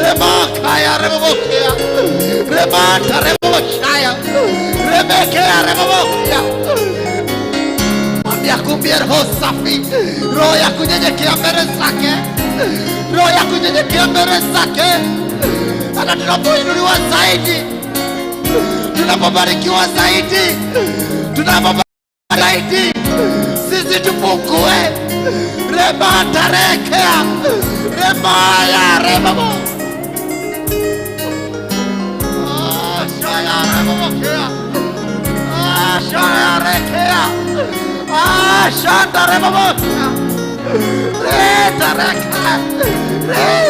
remakaya remobokea roho safi roho ya kunyenyekea mbele zake roho ya kunyenyekea mbele zake hata tunapoinuliwa zaidi tunapobarikiwa zaidi tunapobarikiwa zaidi sisi tupungue rematarekea remaya remabo Rebokea. Ashaya Rekea. Ashanda Rebokea. Reta Rekea. Reta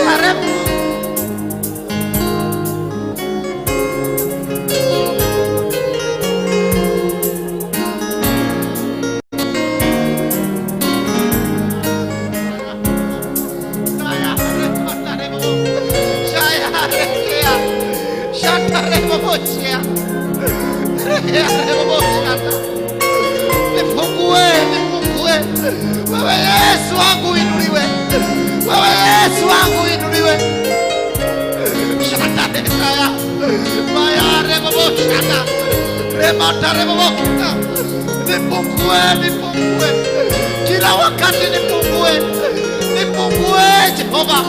Yehova,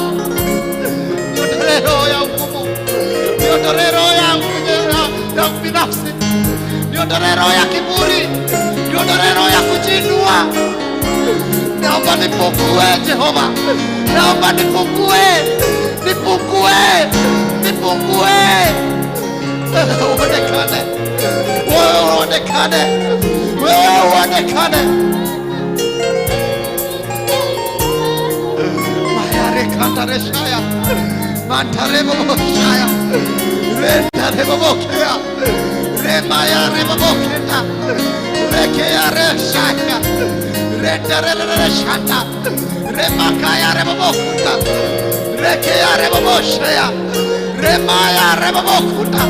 niondolee roho ya hukumu, niondolee roho ya ubinafsi, niondolee roho ya kiburi, niondolee roho ya kujinua. Naomba nipungue Jehova, naomba nipungue, nipungue, nipungue, uonekane wewe, uonekane wewe, uonekane katareshaya mantarebobokshaya rendarebobokea remayareboboketa rekeareshaya renderereshata remakayarebobokta rekeyarebobosheya remayarebobokta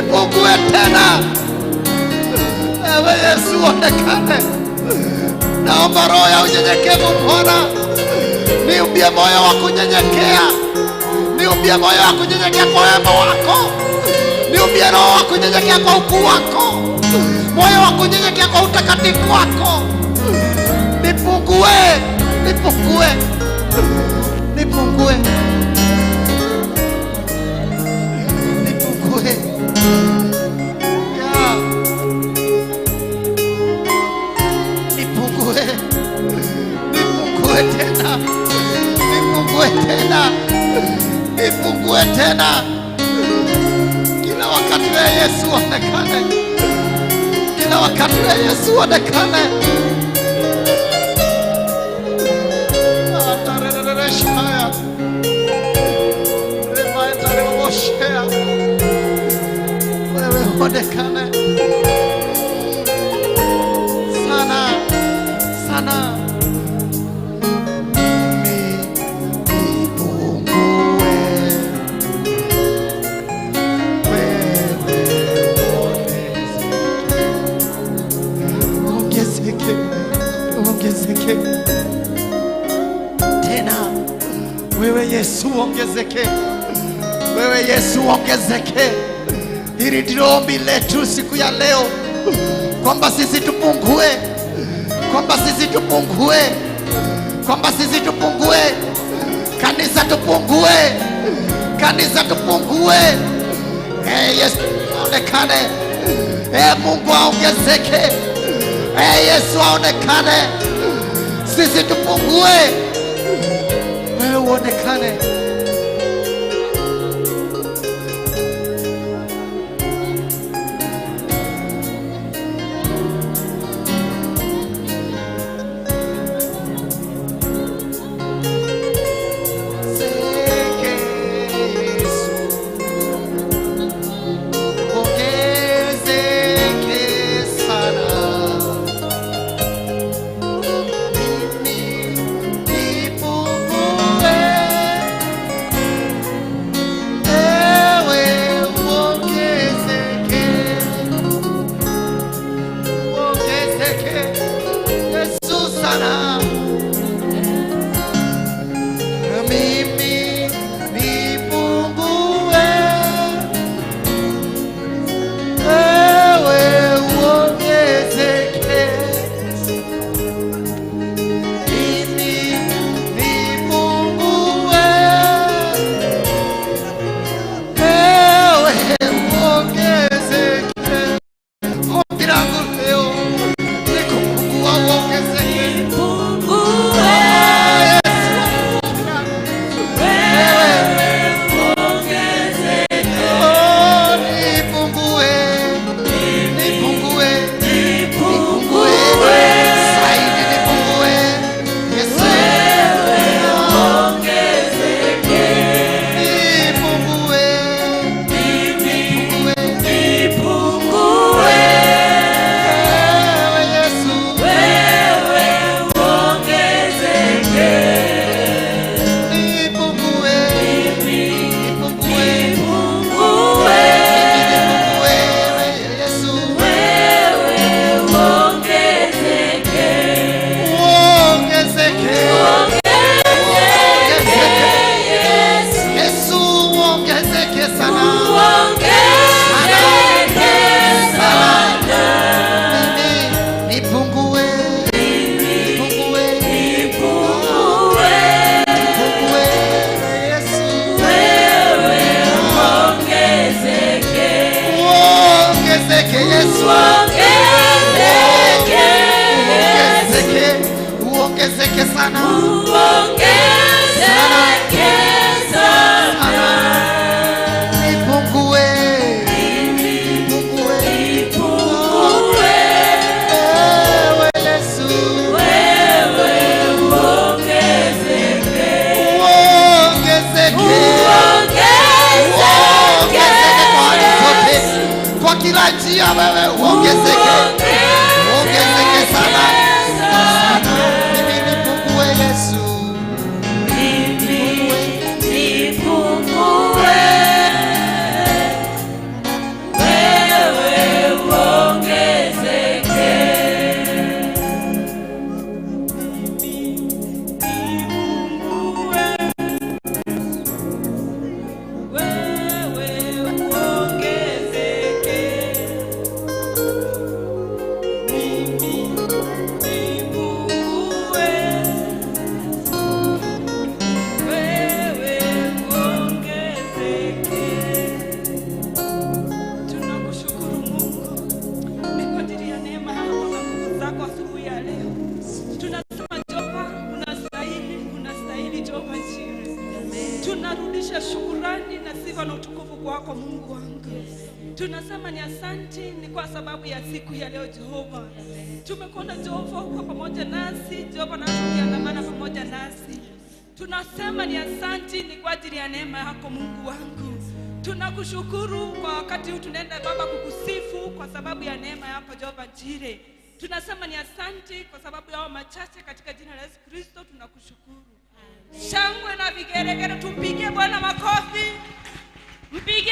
nipungue tena. Ewe Yesu onekane, naomba roho ya unyenyekevu mpona, niumbie moyo wa kunyenyekea, niumbie moyo wa kunyenyekea kwa wema wako, niumbie roho wa kunyenyekea kwa ukuu wako, moyo wa kunyenyekea kwa utakatifu wako. Nipungue, nipungue, nipungue. Nipungue, nipungue tena, nipungue tena, nipungue tena. Kila wakati wewe Yesu onekane, kila wakati wewe Yesu onekane. Modekan'ı sana sana mi dipungue Long gezeke Long gezeke Tena wewe Yesu ongezeke wewe Yesu ongezeke Hili ndilo ombi letu siku ya leo, kwamba sisi tupungue, kwamba sisi tupungue, kwamba sisi tupungue, kanisa tupungue, kanisa tupungue. Hey, ee Yesu aonekane, hey, ee Mungu aongezeke, hey, ee Yesu aonekane, sisi tupungue, wewe uonekane. wako Mungu wangu. Tunasema ni asante ni kwa sababu ya siku ya leo Jehova. Tumekuona Jehova uko pamoja nasi, Jehova nasi ukiandamana pamoja nasi. Tunasema ni asante ni kwa ajili ya neema yako Mungu wangu. Tunakushukuru kwa wakati huu tunaenda Baba kukusifu kwa sababu ya neema yako Jehova Jire. Tunasema ni asante kwa sababu yao machache katika jina la Yesu Kristo tunakushukuru. Shangwe na vigeregere tumpigie Bwana makofi. Mpige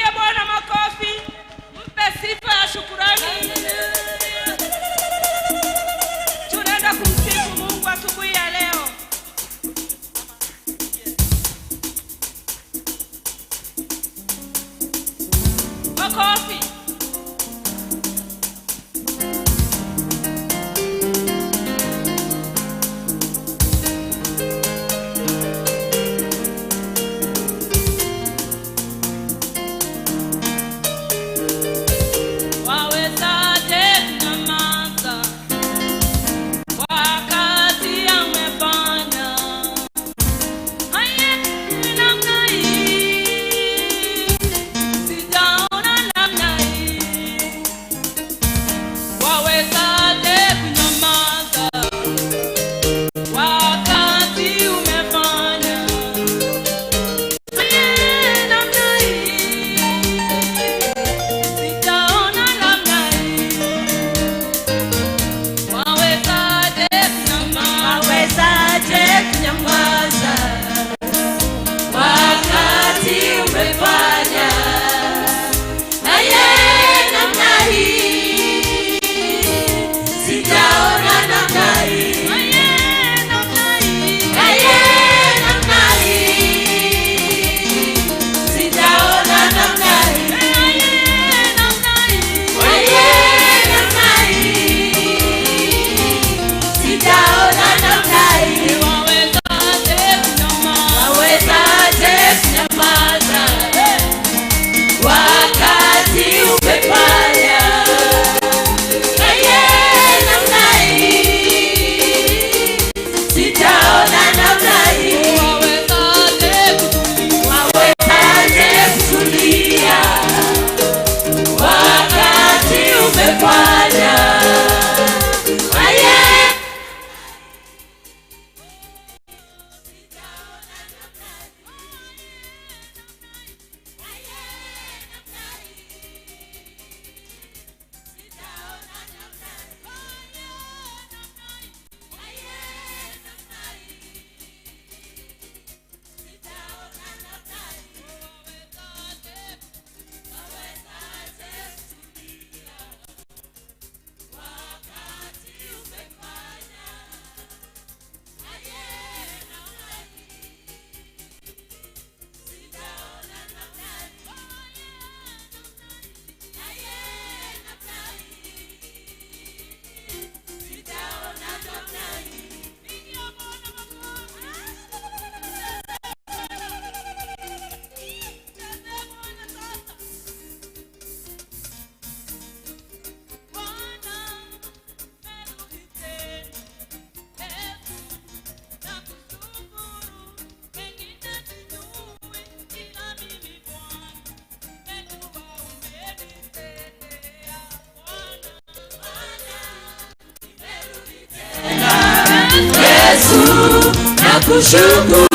Yesu na kushukuru,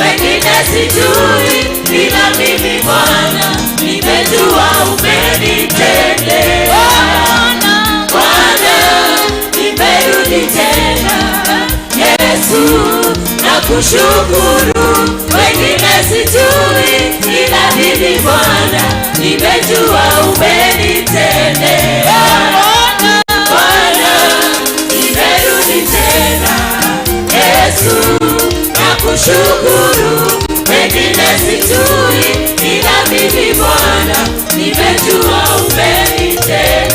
wengine sijui, ila mimi Bwana nimejua umenitendea. Bwana nimerudi tena, Yesu na kushukuru, wengine sijui, ila mimi Bwana nimejua umenitendea kushukuru, mengine sijui, inabidi Bwana nimejua umenitendea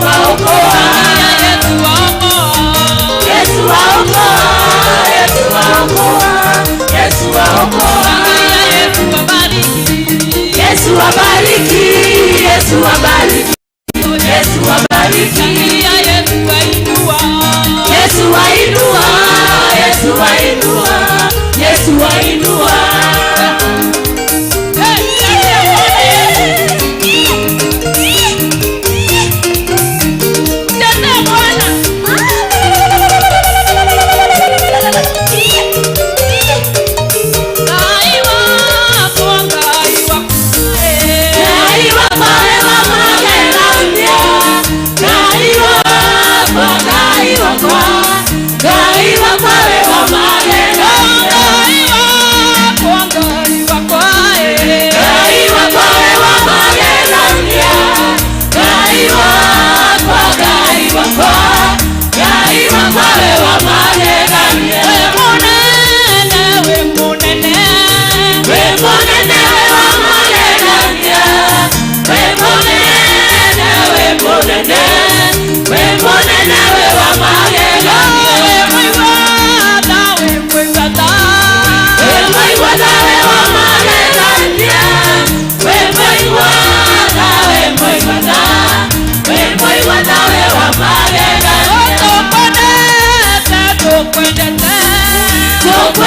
Wow.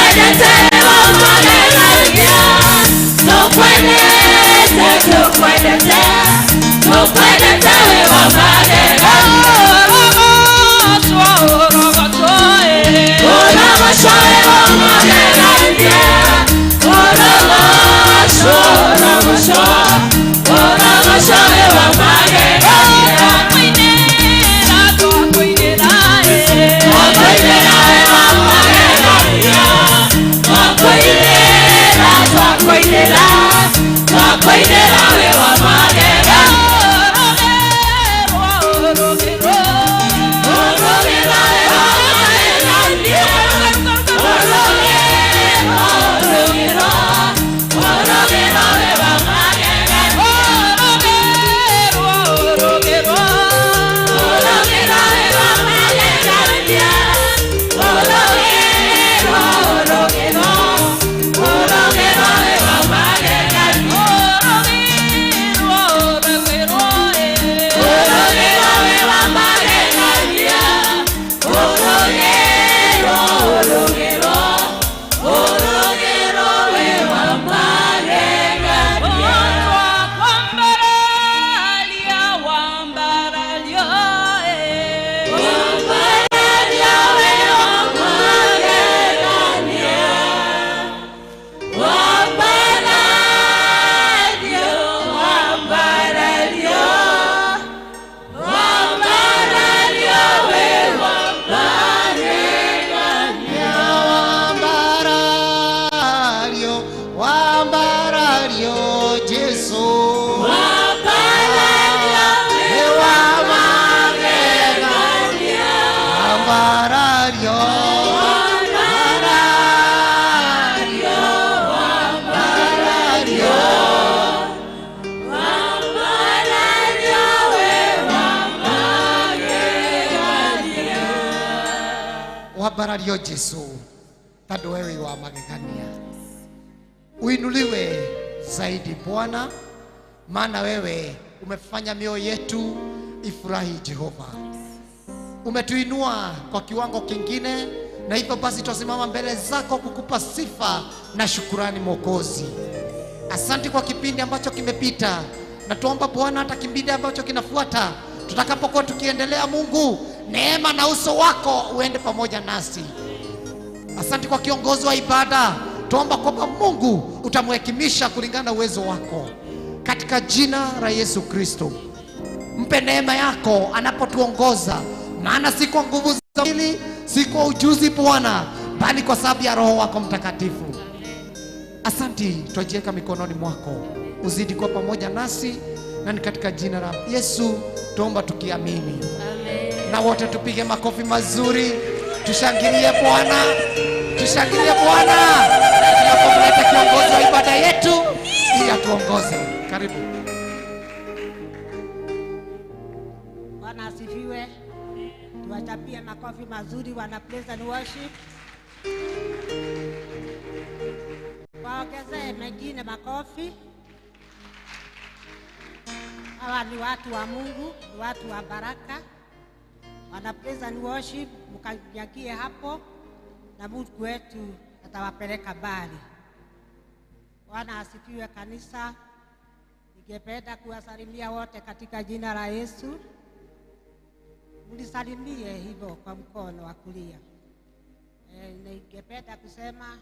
Tupendeze, tupendeze, tupendeze wewe magema mbarario Jesu tandå wewe wa magegania uinuliwe zaidi Bwana, maana wewe umefanya mioyo yetu ifurahi. Jehova, umetuinua kwa kiwango kingine, na hivyo basi twasimama mbele zako kukupa sifa na shukurani. Mwokozi, asante kwa kipindi ambacho kimepita, na tuomba Bwana hata kipindi ambacho kinafuata tutakapokuwa tukiendelea, Mungu neema na uso wako uende pamoja nasi. Asante kwa kiongozi wa ibada, tuomba kwamba Mungu utamhekimisha kulingana na uwezo wako, katika jina la Yesu Kristo. Mpe neema yako anapotuongoza, maana si kwa nguvu za mwili, si kwa ujuzi Bwana, bali kwa sababu ya Roho wako Mtakatifu. Asanti, twajiweka mikononi mwako, uzidi kuwa pamoja nasi, na ni katika jina la Yesu tuomba tukiamini, amen na wote tupige makofi mazuri, tushangilie Bwana, tushangilie Bwana tunapomleta kiongozi wa ibada yetu ili atuongoze. Karibu. Bwana asifiwe. Tuwatapie makofi mazuri wana praise and worship. Waongezee mengine makofi. Hawa ni watu wa Mungu, ni watu wa baraka wana praise and worship, mkajangie hapo na Mungu wetu atawapeleka mbali. Bwana asifiwe kanisa. Ningependa kuwasalimia wote katika jina la Yesu. Mlisalimie hivyo kwa mkono wa kulia. E, ningependa kusema